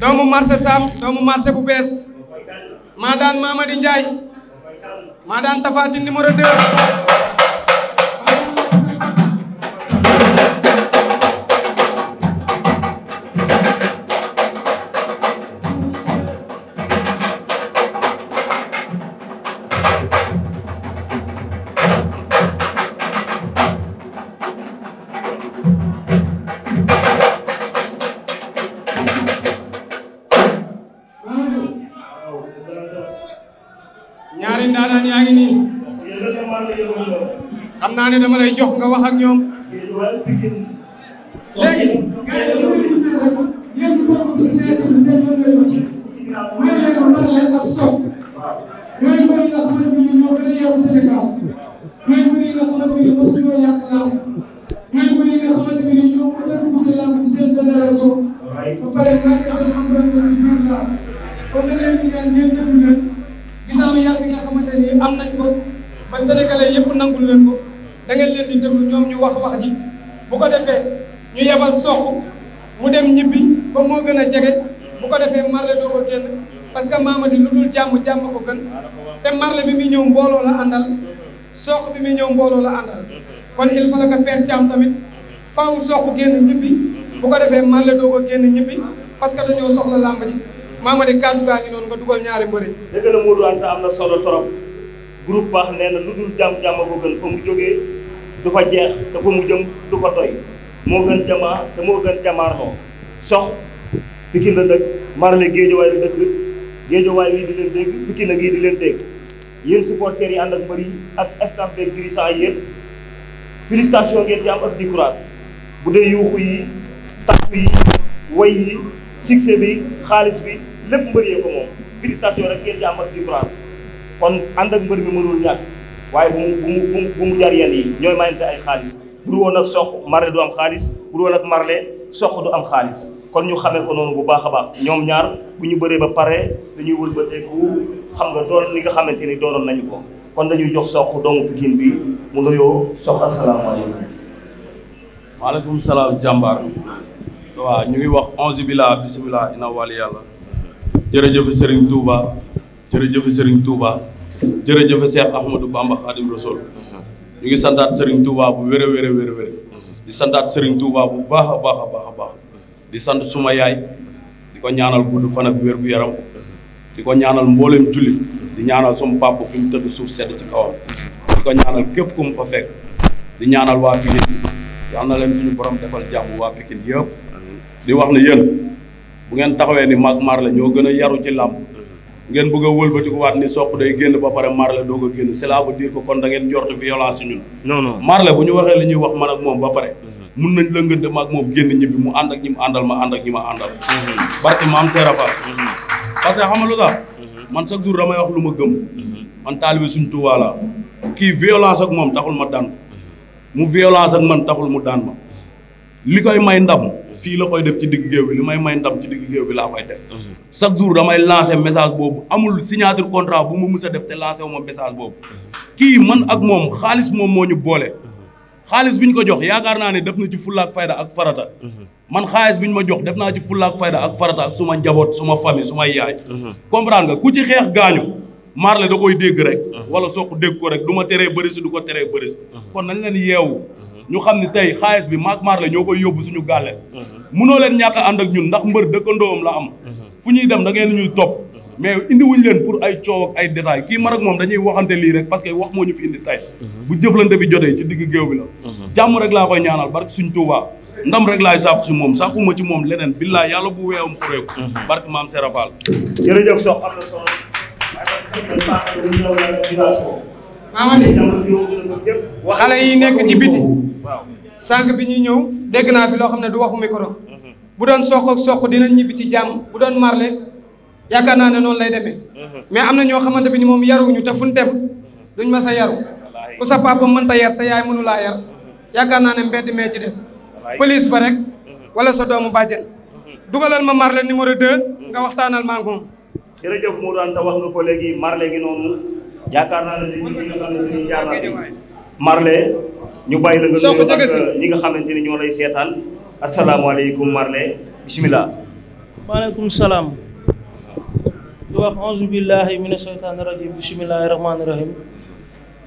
doomu marché Sam doomu marché bu bees maa daan Mamadi Ndiaye maa daan Tafatin numéro 2. ne dama lay jox nga wax ak ñoom. léegi. mooy mbir yi nga xamante ne ñoo gën a yeewu Sénégal mooy mbir yi nga xamante ne mosu ñoo yàq làmb mooy mbir yi nga xamante ne ñoo gën a dugg ci làmb ci seen génération ba pare nag nga xam am nañ ci biir làmb kon da leen di ñaan ngeen déglu leen ginnaaw yàgg nga xamante ne am nañ ko ba sénégalais yëpp nangul leen ko. dangeen leen di déglu ñoom ñu wax wax ji bu ko defee ñu yebal soq mu dem ñibbi ba moo gën a jege bu ko defee marle doo ko génn parce que Mamadi lu dul jàmm jàmm ko gën te marle bi muy ñëw mbooloo la àndal soq bi muy ñëw mbooloo la àndal kon il faut que Père Thiam tamit faaw soq génn ñibbi bu ko defee marle doo ko génn ñibbi parce que dañoo soxla làmb ji Mamadi kàddu gaa ngi noonu nga dugal ñaari mbëri. dëgg la Modou Anta am na solo trop groupe baax nee na lu dul jàmm jàmm ko gën fa mu du fa jeex te fa mu jëm du fa doy moo gën jamaa te moo gën jamaarloo sox Pikine la dëkk marle géejowaay la dëkk géejowaay yi di leen dégg Pikine ak yi di leen dégg yéen supporters yi ànd ak mbër yi ak staff des dirigeants yéen félicitation ngeen ci am ak di courage bu dee yuuxu yi tàccu yi way yi succès bi xaalis bi lépp mbër yee ko moom félicitation rek ngeen ci am ak di courage kon ànd ak mbër mi mënul ñàkk waaye bu mu bu mu jar yenn yi ñooy mayante ay xaalis bu woon ak sox marle du am xaalis bu woon ak marle sox du am xaalis kon ñu xamee ko noonu bu baax a baax ñoom ñaar bu ñu bëree ba pare dañuy wëlbateeku xam nga doon li nga xamante ni doonoon nañu ko kon dañuy jox sox doomu Pikine bi mu nuyoo sox asalaamaaleykum. maaleykum salaam jàmbaar waaw ñu ngi wax onze bila bisimilah ina wàllu yàlla jërëjëf Serigne Touba jërëjëf Serigne Touba. jërëjëf Cheikh Ahmadou Bamba Khadim Rasoul uh-huh. ñu ngi santaat sëriñ Touba bu wér a uh-huh. di santaat Serigne Touba bu baax a baax a baax di sant suma yaay di ko ñaanal gudd fana ak wér gu yaram uh-huh. di ko ñaanal mboolem jullit di ñaanal sama papa fi mu tëdd suuf sedd ci kawam di ko ñaanal képp ku mu fa fekk di ñaanal waa Pikine yal na leen suñu borom defal jàmm waa di wax ne yéen bu ngeen taxawee ni mag maar la ñoo gën a yaru ci làmb ngeen bëgg a wëlbati ko waat ni soq day génn ba pare Marley doog a génn cela veut dire que kon da ngeen jortu violence ñun. non bu ñu waxee li ñuy wax man ak moom ba pare. Mhm. mun nañ lëngante ma ak moom génn ñibbi mu ànd ak ñi mu àndal ma ànd ak ñi ma àndal. Mhm. barki maam Serapha. Mhm. parce que xam nga lu tax man chaque jour damay wax lu ma gëm. man taalibe suñ Tuubaa la kii violence ak moom taxul ma daan ko mu violence ak man taxul mu daan ma. li koy may ndam fii la koy def ci digg géew bi li may may ndam ci digg géew bi laa koy def mhm. chaque jour damay lancer message boobu amul signature contrat bu ma mus a def te lancer wu ma message boobu mhm. kii man ak moom xaalis moom moo ñu boole mhm. xaalis bi ñu ko jox yaakaar naa ne def na ci fullaak fayda ak farata man xaalis bi ñu ma jox def naa ci fullaak fayda ak farata suma njaboot suma famille suma yaay comprendre nga ku ci xeex gaañu Marley da koy dégg rek wala soo ko dégg ko rek du ma teree bëri si du ko teree bëri kon nañ leen yeewu ñu xam ne tey xaalis bi maak maar la ñoo koy yóbbu suñu gàlle munoo leen ñàkk ànd ak ñun ndax mbër dëkkandoom la am fu ñuy dem da ngeen ñuy topp mais indi wuñ leen pour ay coow ay détails kii mar ak moom dañuy waxante lii rek parce que wax moo ñu fi indi tey bu jëflante bi jotee ci digg géew bi la jàmm rek laa koy ñaanal barke suñ Tuubaa ndam rek laay sàkku si moom sàkkuma ci moom leneen billaa yàlla bu weewam xureeku barke maam Serapal jërëjëf sox am na solo maama de xale yi nekk ci sànq bi ñuy ñëw dégg naa fi loo xam ne du waxu micro. Mhm. bu doon soq ak dina ñibbi ci jàmm bu doon marle yaakaar naa ne noonu lay demee. Mhm. mais am na ñoo xamante bi ni moom ñu te fu ñu dem mhm. duñ ma sa yaru ku sa papa mënta yar sa yaay nu laa yar yaakaar naa ne mbedd mee ci des police ba rek wala sa doomu bàjjen dugalal ma marle numéro 2 nga waxtaanal maa ngoom. jërëjëf Modou Anta wax nga ko léegi marle gi noonu yaakaar naa ne dañuy dañuy jaar na Marley ñu bàyyi la nga nuyu ak ñi nga xamante ni ñoo lay seetal seetaan asalaamaaleykum Marley bisimilah. maaleykum salaam. di wax auzu billahi mina shaytaani rajim bisimilahi rahmaani rahim.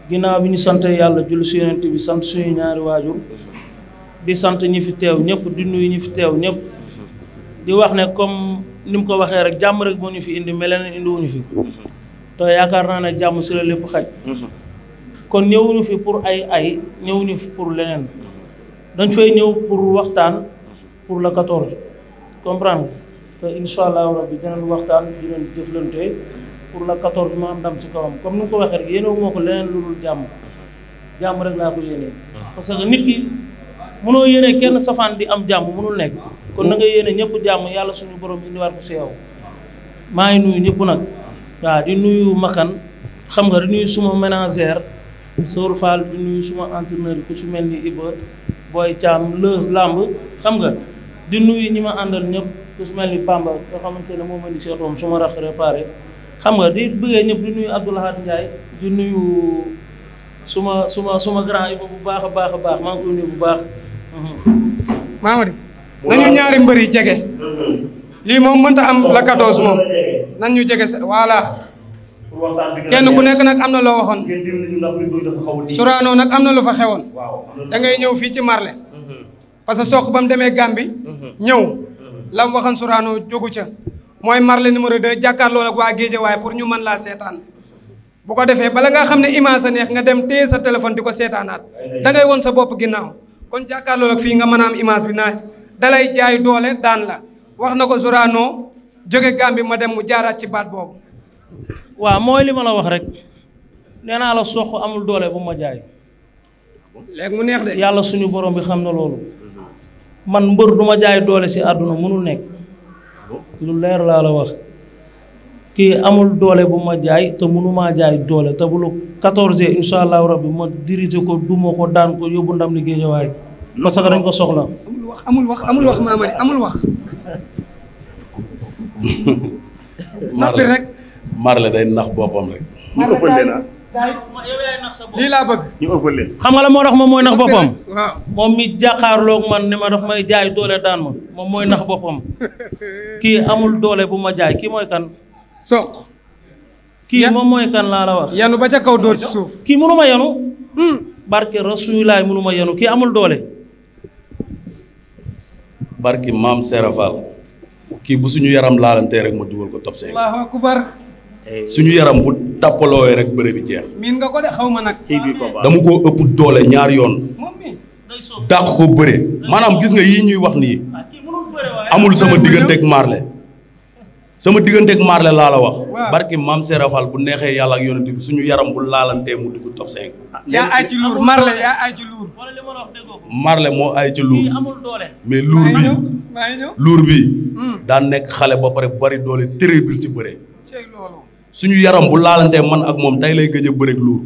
ginnaaw bi ñu sant yàlla julli si yonent bi sant suñu ñaari waajur di sant ñi fi teew ñëpp di nuyu ñi fi teew ñëpp di wax ne comme ni mu ko waxee rek jàmm rek moo ñu fi indi mel na indiwuñu fi te yaakaar naa ne jàmm si la lépp xaj kon ñëwuñu fi pour ay ay ñëwuñu fi pour leneen dañ fay ñëw pour waxtaan pour le 14 comprendre te incha allahu rabbi dinañ waxtaan dinañ jëflante pour la 14 ma am ndam ci kawam comme ni nga ko waxee rek yéene moo ko leneen lu dul jàmm jàmm rek laa ko yéene. parce que nit ki mënoo yéene kenn safaan bi am jàmm mënul nekk. kon na nga yéene ñëpp jàmm yàlla suñu borom indiwaat ko si yow ngi nuyu ñëpp nag waaw di nuyu Makan xam nga di nuyu suma ménagère. Sour Fall bi nuyu suma entraîneur ku ci mel ni Iba Boy Thiam Leuz làmb xam nga di nuyu ñi ma àndal ñëpp ku ci mel ni Pamba nga xamante ne moo ma di seetoom suma rax réparé xam nga di bëggee ñëpp di nuyu Abdoulahad Ndiaye di nuyu suma suma suma grand Iba bu baax a baax a baax maa ngi koy bu baax. Mamadi nañu ñaari mbër yi jege. lii moom mënta am la 14 moom. nan ñu jege sa kenn ku nekk nag am na loo waxoon Sorano nag am na lu fa xewoon dangay ñëw fii ci Marle mhm. parce que soq ba mu demee Gàmbi mhm. ñëw mhm. la mu waxoon Sorano ca mooy Marle numéro 2 jàkkaarloo ak waa Géejawaay pour ñu mën laa seetaan bu ko defee bala nga xam ne image neex nga dem téye sa téléphone di ko seetaanaat da sa bopp ginnaaw kon jàkkaarloo fii nga mën a am image bi naaj jaay doole daan la wax na ko Sorano jóge Gàmbi ma dem mu jaaraat ci baat boobu waaw mooy li ma la wax rek nee naa la soq amul doole bu ma jaay. léegi mu neex yàlla suñu borom bi xam na loolu. man mbër du ma jaay doole si àdduna mënul nekk. lu leer laa la wax. kii amul doole bu ma jaay te mënumaa jaay doole te bu lu 14 incha allahu rabbi ma dirigé ko duma ko daan ko yóbbu ndam liggéey jawaay. parce que dañ ko soxla. amul wax amul wax amul wax Mamady amul wax. rek. Marley day nax boppam rek. ñu ëffal leen ah. lii laa la moo tax moom mooy nax boppam. waaw moom mi jàkkaarloog man ni ma daf may jaay doole daan ma moom mooy nax boppam kii amul doole bu ma jaay kii mooy kan. soq. kii moom mooy kan laa la wax. yanu ba ca kaw dóor ci suuf. kii mënu ma yanu. Hmm. barke rasulilaay mënu ma yanu kii amul doole. barke maam Serafal kii bu suñu yaram laalantee rek ma dugal ko top 5. suñu yaram bu tàppalooyee rek bëre bi jeex. xaw ma nag. ci biir combat dama ko ëpp doole ñaar yoon. dàq ko bëre maanaam gis nga yi ñuy wax nii amul sama digganteeg marle sama digganteeg marle laa la wax barki maam Serafal bu neexee yàlla ak yonent bi suñu yaram bu laalantee mu dugg top 5. Ah, yaa ay ci moo ay ci luur mais luur bi luur bi hmm. daan nekk xale ba pare bari doole terrible ci bëre. suñu yaram bu laalantee man ak moom tey lay gëj a bëreeg luur.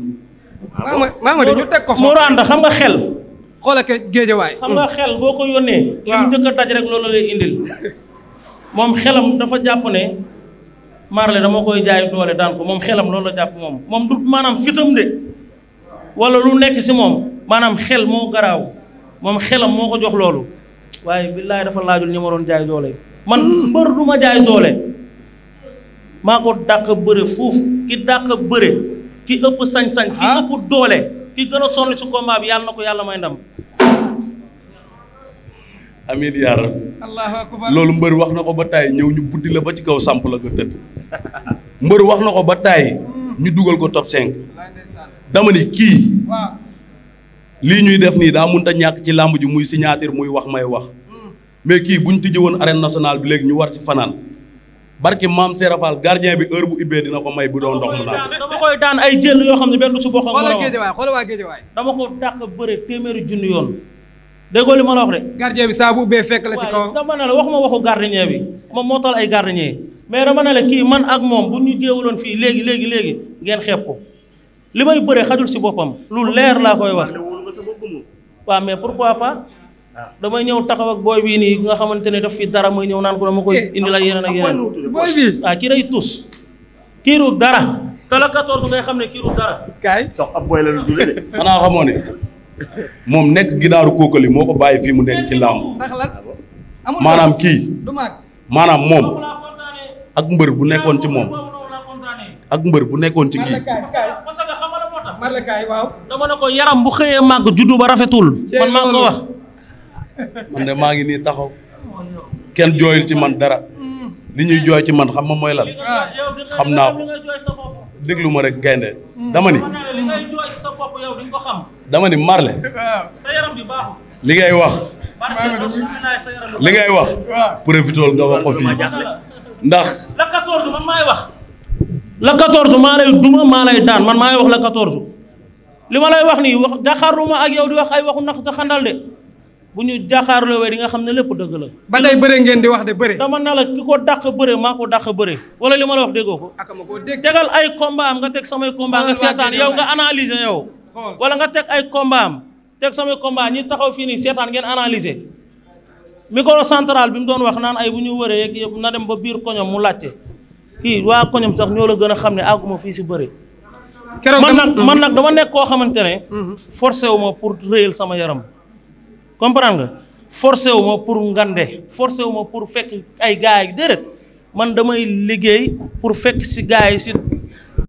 Mamadi ñu teg ko moo Moranda xam nga xel. xoolal ke géejawaay. xam nga xel boo ko yónnee. waaw li mu rek loolu lay indil. moom xelam dafa jàpp ne Marley dama koy jaay doole daan ko moom xelam loolu jàpp moom moom du maanaam fitam de wala lu nekk si moom maanaam xel moo garaaw moom xelam moo ko jox loolu waaye billaay dafa laajul ñi ma doon jaay doole man mbër du ma jaay doole. maa ko dàq bëre fuuf ki dàq bëre ki ëpp sañ-sañ ki ah. ëpp doole ki gën a sonn ci combat yàlla na ko yàlla may ndam amiin yaa rabbi loolu mbër wax na ko ba tàyyi ñëw ñu buddi la ba ci kaw samp la nga tëdd mbër wax na ko ba tàyyi ñu dugal ko top 5 dama ni kii lii ñuy def nii daa mënut a ñàkk ci làmb ji muy signature muy wax may wax mm. mais kii bu ñu tijji woon arène nationale bi léegi ñu war ci fanaan barki maam Serap Fall gardien bi heure bu ubbee dina ko may bu doon ndox mu naan. dama koy daan ay jël yoo xam ne benn su bokk ak. xoolal géejewaay xoolal waa géejewaay. dama ko dàq bëre téeméeri junni yoon. déggoo li ma la wax de. gardien bi saa bu ubbee fekk la ci kaw. dama ne la waxuma waxu gardien bi moom moo tal ay gardien mais dama ne la kii man ak moom bu ñu loon fii léegi léegi léegi ngeen xeeb ko li may bëree xajul si boppam. lu leer laa koy wax. waaw mais pourquoi pas. damay ñëw taxaw ak booy bii nii nga xamante ne daf fi dara muy ñëw naan ko dama koy eh, indi la yeneen ak yeneen booy bii waaw ah, kii day tus kii dara te la 14 ngay xam ne kii dara sox ab booy la lu dul xanaa xamoo ne moom nekk ginaaru kookali moo ko bàyyi fii mu nekk ci làmb ah maanaam kii maanaam moom ak mbër bu nekkoon ci moom ak mbër bu nekkoon ci kii parce que dama ne ko yaram bu xëyee màgg juddu ba rafetul man maa ko wax man de maa ngi nii taxaw kenn jooyul ci man dara li ñuy jooy ci man xam ma mooy lan xam naa ko déglu rek gaynde dama ni dama ni Marley li ngay wax li ngay wax profitool nga wax ko fii ndax la 14 man maay wax la 14 maa lay duma maa lay daan man maay wax la 14 li ma lay wax ni nii wax ma ak yow di wax ay waxu nax sa xandal de bu ñu jàkkaarloo wee di nga xam ne lépp dëgg la. ba tey bëre ngeen di wax de bëre. dama na la ki ko dàq bëre maa ko dàq bëre wala li ma la wax déggoo ko. ak ma ko dégg tegal ay combat am nga teg samay combat nga seetaan yow nga analyser yow. wala nga teg ay combat am teg samay combat ñi taxaw fii nii seetaan ngeen analyser. micro central bi mu doon wax naan ay bu ñu wëree yëpp na dem ba biir koñom mu laajte kii waa koñom sax ñoo la gën a xam ne àgguma fii si bëre. keroog man nag mhm. man nag dama nekk koo xamante ne. Mhm. forcé wu ma pour réyal comprendre nga forcé wu ma pour ngande forcé wu pour fekk ay gars yi man damay liggéey pour fekk si gars yi si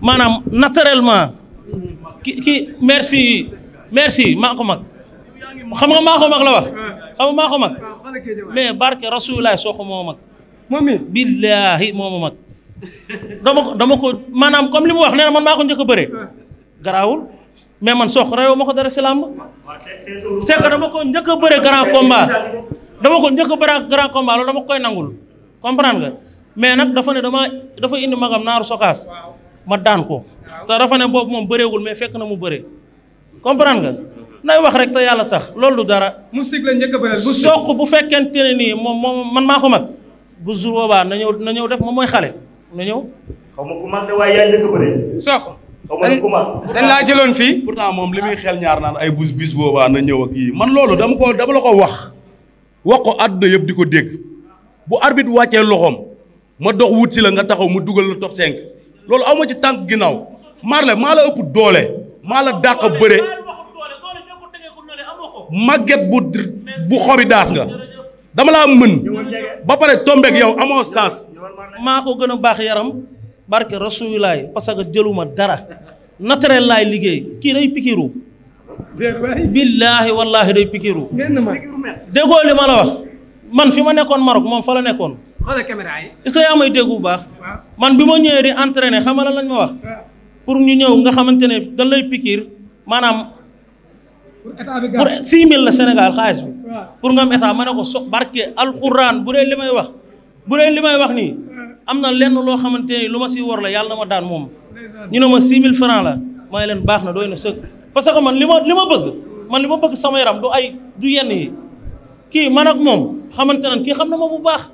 maanaam naturellement ki ki merci merci maa ko mag xam nga maa ko mag la wax xam nga maa ko mag mais barke rasulullah soo ko moo mag moom it billaahi moo ma mag dama ko dama ko maanaam comme li mu wax nee na man maa ko njëkk a garaawul mais man sox reew ma ko dara si làmb c'est dama ko njëkk a bëre grand combat dama ko njëkk a bëre dama koy nangul comprendre nga mais nag dafa ne dama dafa indi magam naaru sokaas ma daan ko te dafa ne boobu moom bëreegul mais fekk na mu bëre comprendre nga nay wax rek te yàlla tax loolu du dara moustique la njëkk a bu fekkente ne nii moom moom man maa ko mag bu jour boobaa na ñëw na ñëw def moom mooy xale na ñëw dañ laa jëloon fii. pour pourtant moom li muy xel ñaar naan ay bus bis boobaa na ñëw ak yii man loolu dama ko dama la ko wax wax ko àdduna yëpp di ko dégg bu arbitre wàccee loxoom ma dox wut si la nga taxaw mu dugal la top 5 loolu aw ma ci tànk ginnaaw Marley maa la ëpp doole maa la dàq a bëre màgget bu bu xobi daas nga dama laa mën ba pare tombeek yow amoo sens. maa ko gën a baax yaram. barke rasulilaay parce que jëluma dara naturel laay liggéey kii day pikiru billaahi wallaahi day pikiru déggoo li ma la wax man fi ma nekkoon Maroc moom fa la nekkoon xoolal caméra yi est may dégg bu baax man bi ma ñëwee di entraîné xamala lañ ma wax pour ñu ñëw nga xamante ne dañ lay pikir maanaam pour 6 000 la Sénégal xaalis bi pour nga am ma ne ko so barke alxuraan bu dee li may wax bu dee li may wax nii am na lenn loo xamante ni lu ma si war la yàlla na ma daan moom ñu ne ma 6000 francs la may leen baax na doy na sëkk parce que man li ma li ma bëgg man li ma bëgg sama yaram du ay du yenn yi kii man ak moom xamante nan kii xam na ma bu baax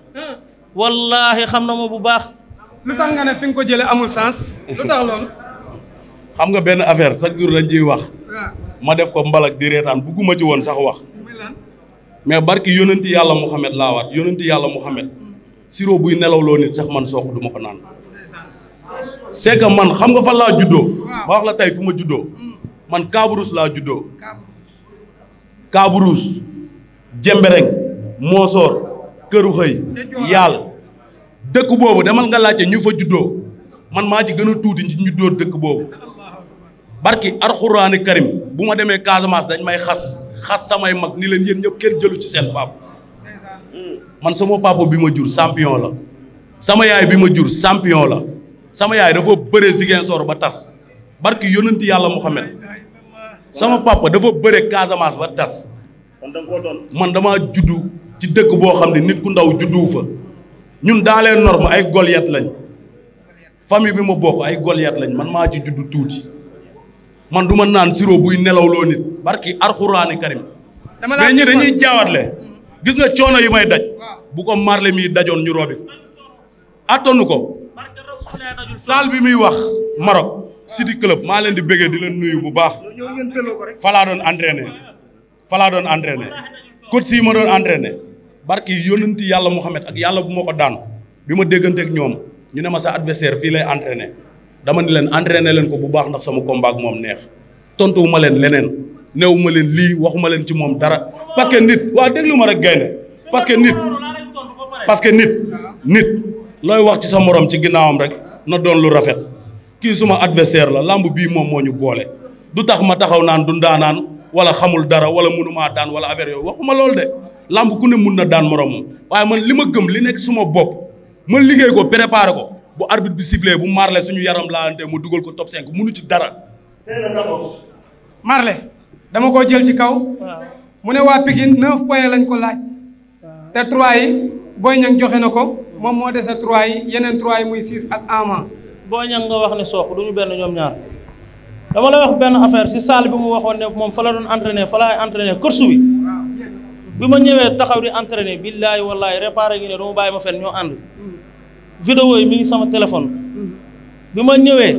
wallaahi xam na ma bu baax lu tax nga ne fi nga ko jëlee amul sens lu xam nga benn affaire chaque jour dañ ciy wax ma def ko mbalak di reetaan bugguma ci woon sax wax mais barki yonenti yàlla Muhammad laawaat yonenti yàlla Muhammad sirop buy loo nit sax man soox duma ko naan c'est que man xam nga fan laa juddoo ma wax la tey fu ma juddoo mm. man Kaabrousse laa juddoo Kaabrousse Jembereng Monsoor këruxëy xëy yàlla dëkk boobu demal nga laajte ñu fa juddoo man maa ci gën a tuuti ñu juddoo dëkk boobu barki arxuraani karim bu ma demee Casamance dañ may xas xas samay mag ni leen yéen ñëpp kenn jëlu ci seen baab man sama papa bi ma jur champion la sama yaay bi ma jur champion la sama yaay dafa bëre Ziguinchor ba tas barki yónnanti yàlla Muhammad sama papa dafa bëre Casamance ba tas man dama juddu ci dëkk boo xam ne nit ku ndaw judduwu fa ñun dans les normes ay Goliath lañ famille bi ma bokk ay Goliath lañ man maa ci juddu tuuti man du ma naan sirop buy nelawloo nit barki arxuraani karim mais ñi dañuy jaawatle gis nga coono yi may daj bu ko marle mii dajoon ñu roobi ko ko saal bi muy wax Maroc City Club maa leen di bëggee di leen nuyu bu baax falaa doon entraîné falaa doon entraîné coach yi ma doon entraîné barki yónnanti yàlla Mouhamed ak yàlla bu ma ko daan bi ma dégganteeg ñoom ñu ne ma sa adversaire fii lay entraîné dama ni leen entraîné leen ko bu baax ndax sama combat ak moom neex tontuwu leen leneen néew ma leen lii waxuma leen ci moom dara parce que nit waa déglu ma rek gaynde parce que nit parce que nit nit looy wax ci sa moroom ci ginnaawam rek na doon lu rafet kii suma adversaire la lamb bii moom moo ñu boole du tax ma taxaw naan du ndaanaan wala xamul dara wala munumaa daan wala affaire yooyu waxuma loolu de lamb ku ne mun na daan moromam waaye man li ma gëm li nekk suma bopp ma liggéey ko préparé ko bu arbitre bi sifflé bu marle suñu yaram laa laalante mu dugal ko top 5 munu ci dara. Marle. dama ko jël ci kaw. mu ne waa Pikine 9 points lañ ko laaj. te 3 yi booy Niang joxe na ko. moom moo dese 3 yi yeneen 3 yi muy 6 ak Ama. Boy Niang nga wax ne sook du ñu benn ñoom ñaar dama la wax benn affaire ci salle bi mu waxoon ne moom fa la doon entraîné fa laay entraîné kursu bi. bi ma ñëwee taxaw di entraîné billaahi wallaahi réparé ngi ne dama bàyyi ma fen ñoo ànd. vidéo yi mi ngi sama téléphone. Mm. bi ma ñëwee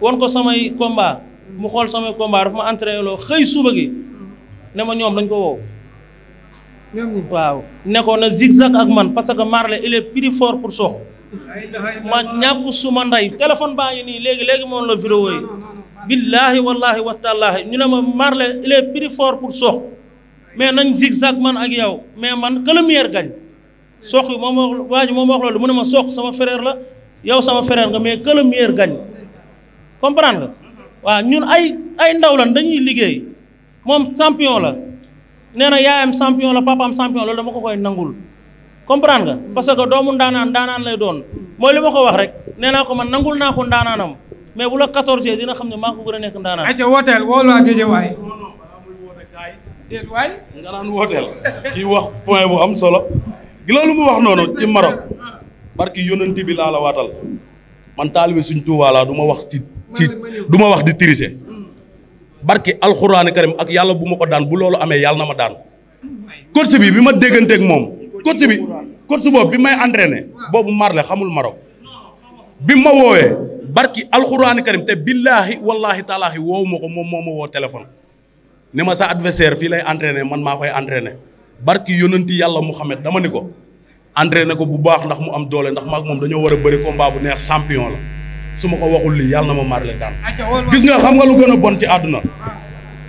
woon ko samay combat. mu xool samay combat dafa ma entraîné loo xëy suba gi ne ma ñoom dañ ko wow. waaw nekkoon ne ko na zigzag ak man parce que Marley il est plus fort pour Sokh. ma ñàkk suma ndey téléphone baa ngi nii léegi léegi moom la vidéo yi. billaahi wallaahi wataalaahi ñu ne ma Marley il est plus fort pour Sokh. mais nañ zigzag man ak yow mais man que le meilleur gagne. yi moom wax waa ji moom wax loolu mu ne ma Sokh sama frère la yow sama frère nga mais que le meilleur gagne nga. waaw ñun ay ay ndaw dañuy liggéey moom champion la nee na yaayam champion la papaam champion la dama ko koy nangul comprendre nga parce que doomu ndaanaan ndaanaan lay doon mooy li ma ko wax rek nee naa ko man nangul naa ko ndaanaanam mais bu la 14 dina xam ne maa ko gën a nekk ndaanaan. ayca wooteel woo laa géej waay. wax point bu am solo. lu mu wax noonu ci Maroc. barki yonent bi laa la waatal man taalibe suñ Tuubaa laa du ma wax ci. ci du ma wax di tricher barki alxuraani karim ak yàlla bu ma ko daan bu loolu amee yàlla na ma daan coach bi bi ma dégganteeg moom coach bi coach boobu bi may entraîné boobu Marley xamul Maroc bi ma woowee barki alxuraani karim te billaahi wallaahi taalaahi woowu ma ko moom moo ma woo téléphone ne ma sa adversaire fii lay entraîné man maa koy entraîné barki yonanti yàlla Muhammad dama ni ko entraîné ko bu baax ndax mu am doole ndax maak moom dañoo war a bëri combat bu neex champion su ma ko waxul lii yàlla na ma marle daan gis nga xam nga lu gën a bon ci àdduna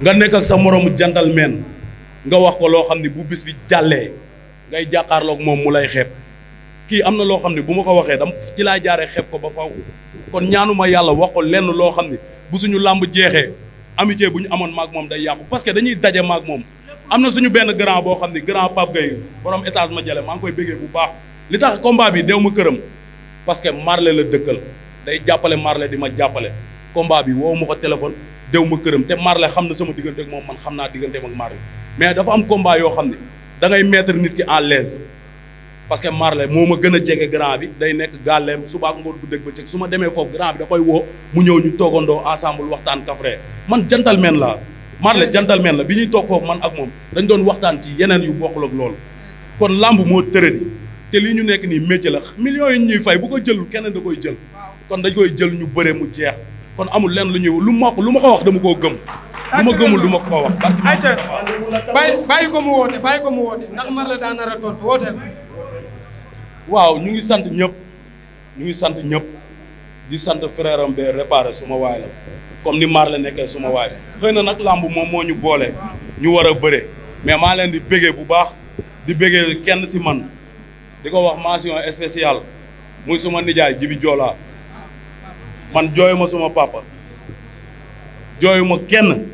nga nekk ak sa moroomu jantal meen nga wax ko loo xam ni bu bis bi jàllee ngay jàkkaarloog moom mu lay xeeb kii am na loo xam ne bu ma ko waxee dama ci laa jaaree xepp ko ba faw kon ñaanuma yàlla wax ko lenn loo xam ne bu suñu làmb jeexee amitié bu ñu amoon maak moom day yàqu parce que dañuy daje maak moom am na suñu benn grand boo xam ne grand Pape Gueye borom étage ma jale maa koy béggee bu baax li tax combat bi deew ma këram parce que Marley la dëkkal day jàppale Marley di ma jàppale combat bi woowu ma ko téléphone dew ma këram te Marley xam na sama diggante moom man xam naa diggante ak Marley mais dafa am combat yoo xam ne dangay ngay mettre nit ki en l'aise parce que Marley moo ma gën a jege grand bi day nekk gàlleem subaa ngoon bu dëgg ba cëg su ma demee foofu grand bi da koy woo mu ñëw ñu toogandoo ensemble waxtaan kafre man gentleman la Marley gentleman la bi ñuy toog foofu man ak moom dañ doon waxtaan ci yeneen yu bokkul loolu kon làmb moo tëradi te ñu nekk nii métier millions yi ñuy fay bu ko jëlul keneen da koy jël kon dañ koy jël ñu bëree mu jeex kon amul lenn lu ñuy lu ma lu ma ko wax dama koo gëm. lu ma gëmul du ma ko wax. ayca bàyyi bàyyi ko mu woote bàyyi ko mu woote ndax mar la daan nar a tontu waaw ñu ngi sant ñëpp ñu ngi sant ñëpp di sant frère am bee réparé suma waay la comme ni maar la nekkee suma waay xëy na nag làmb moom moo ñu boole ñu war a bëre mais maa leen di bëggee bu baax di bëggee kenn si man di ko wax mention spéciale muy suma nijaay Jibi Joolaa man jooyuma suma papa jooyuma kenn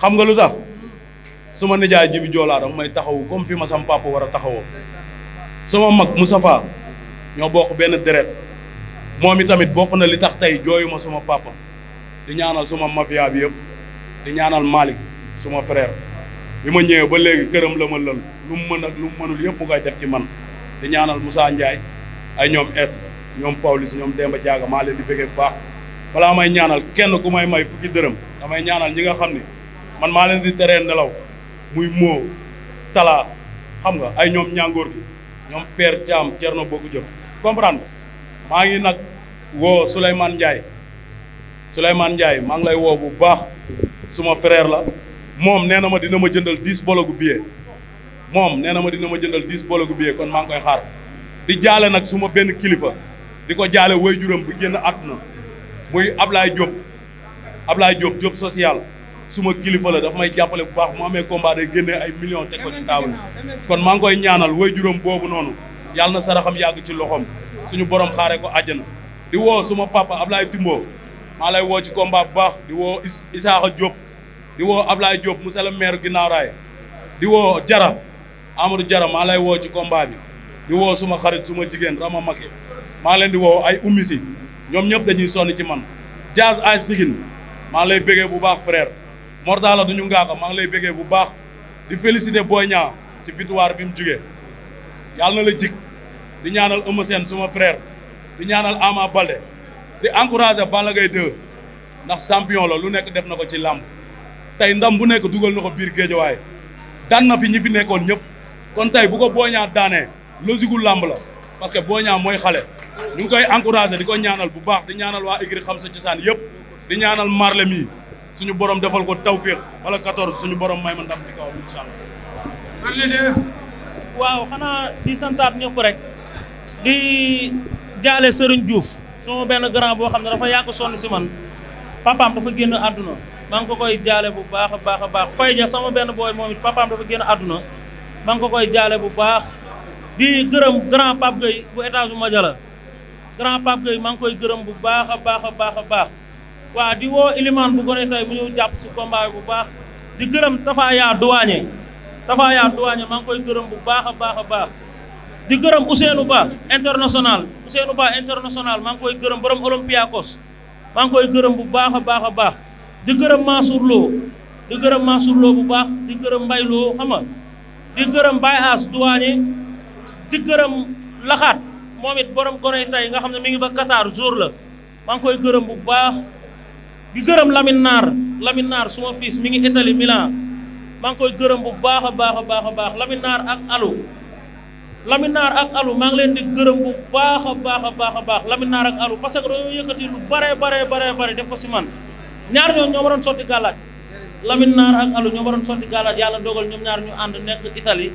xam nga lu tax suma nijaay ji bi joolaa may taxawu comme fi ma sam papa war a taxawoo sama mag Moustapha ñoo bokk benn deret moom itamit bokk na li tax tey jooyuma suma papa di ñaanal suma mafia bi yëpp di ñaanal Malick suma frère bi ma ñëwee ba léegi këram la ma lël lu mu mën ak lu mënul yëpp mu koy def ci man di ñaanal Moussa Ndiaye ay ñoom es ñoom si ñoom Demba Diaga maa leen di bëggee bu baax balaa may ñaanal kenn ku may may fukki dërëm damay ñaanal ñi nga xam ni man maa leen di teree nelaw muy moo talaa xam nga ay ñoom ñàngoor gi ñoom Père Thiam Thierno Boku jëf comprendre maa ngi nag woo Souleymane Ndiaye Souleymane Ndiaye maa ngi lay woo bu baax suma frère la moom nee na ma dina ma jëndal diis bolo gu billet moom nee na ma dina ma jëndal diis bolo gu billet kon maa ngi koy xaar di jaale nag suma benn kilifa di ko jaale waajuram bu génn àdduna muy Ablaye Diop Ablaye jóob Diop social suma kilifa la dafa may jàppale bu baax mu amee combat day génnee ay millions teg ko ci table kon maa ngi koy ñaanal juróom boobu noonu yàlla na saraxam yàgg ci loxoom suñu borom xaaree ko àjjana di woo suma papa Ablaye Timbo maa lay woo ci combat bu baax di woo Isaaxa Diop di woo ablaay Diop mu le maire ginnaaw di woo Jara Amadou Jara maa lay woo ci combat bi di woo suma xarit suma jigéen Rama Maké maa leen di wow ay ummi ñoom ñëpp dañuy sonn ci man Jazz Ice Pikine maa lay béggee bu baax frère Mortala ñu ngaaka maa ngi lay béggee bu baax di féliciter Boy Niang ci victoire bi mu jugee yàlla na la jik di ñaanal Eumeu suma frère di ñaanal Ama Baldé di encourager Balla ngay 2 ndax sampion la lu nekk def na ko ci làmb tey ndam bu nekk dugal na ko biir géejawaay daan na fi ñi fi nekkoon ñëpp kon tey bu ko Boy ñaa daanee logique làmb la parce que Boy Niang mooy xale ñu ngi koy encouragé di ko ñaanal bu baax di ñaanal waa Igri xam sa cosaan yëpp di ñaanal marle mi suñu borom defal ko tawféex wala 14 suñu borom may ma ndam ci kawam incha allah. waaw xanaa di santaat ñëpp rek di jaale Serigne Diouf sama benn grand boo xam ne dafa yàq sonn si man papaam dafa génn àdduna maa ngi ko koy jaale bu baax a baax a baax fay ja sama benn booy moom it papaam dafa génn àdduna maa ko koy jaale bu baax di gërëm grand grand pape Gueye maa ngi koy gërëm bu baax a baax a baax a baax waa di woo Elimane bu gone tey mu ñëw jàpp si combat bu baax di gërëm Tafa yaa duwaañe Tafa yaa duwaañe maa koy gërëm bu baax a baax a baax di gërëm Ousseynou baax international Ousseynou Ba international maa ngi koy gërëm borom Olympiakos maa ngi koy gërëm bu baax a baax a baax di gërëm Mansour Lo gërëm Mansour Lo bu baax di gërëm Mbaye Lo xam nga di gërëm Baye As duwaañe di gërëm Laxaat moom it borom gone tey nga xam ne mi ngi ba Qatar jour la maa ngi koy gërëm bu baax di gërëm Lamine Naar Lamine Naar suma fils mi ngi Italie Milan maa koy gërëm bu baax a baax a baax a baax Lamine Naar ak Alou Lamine Naar ak Alou maa ngi leen di gërëm bu baax a baax a baax a baax Lamine Naar ak Alou parce que dañoo yëkkati lu bare bare bare bare def ko si man ñaar ñoo ñoo ma doon sotti gàllaaj Lamine Naar ak Alou ñoo ma doon sotti gàllaaj yàlla dogal ñoom ñaar ñu ànd nekk Italie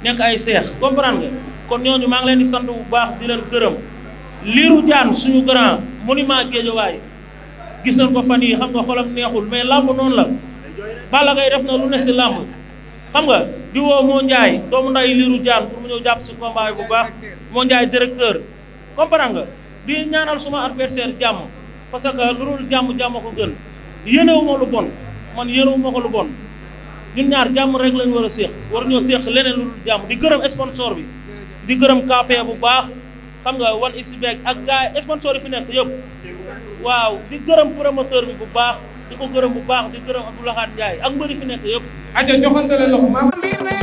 nekk ay seex comprendre nga kon ñooñu maa ngi leen di sant bu baax di leen gërëm liiru jaan suñu grand monument géejowaay gis nañ ko fan yi xam nga xolam neexul mais làmb noonu la Balla Gaye def na lu ne si làmb xam nga di woo moo njaay doomu nday liiru jaan pour mu ñëw jàpp si combat bu baax moo njaay directeur comprendre nga di ñaanal suma adversaire jàmm parce que lu dul jàmm jàmm ko gën yéenewuma lu bon man yéenewuma ko lu bon ñun ñaar jàmm rek lañ war a séex war ñoo séex leneen lu dul jàmm di gërëm sponsor bi di gërëm KP bu baax xam nga wan x beeg ak gars sponsor yi fi nekk yëpp waaw di gërëm promoteur bi bu baax di ko gërëm bu baax di gërëm Abdou Lahad Ndiaye ak mbëri fi nekk yëpp aja joxante leen loxo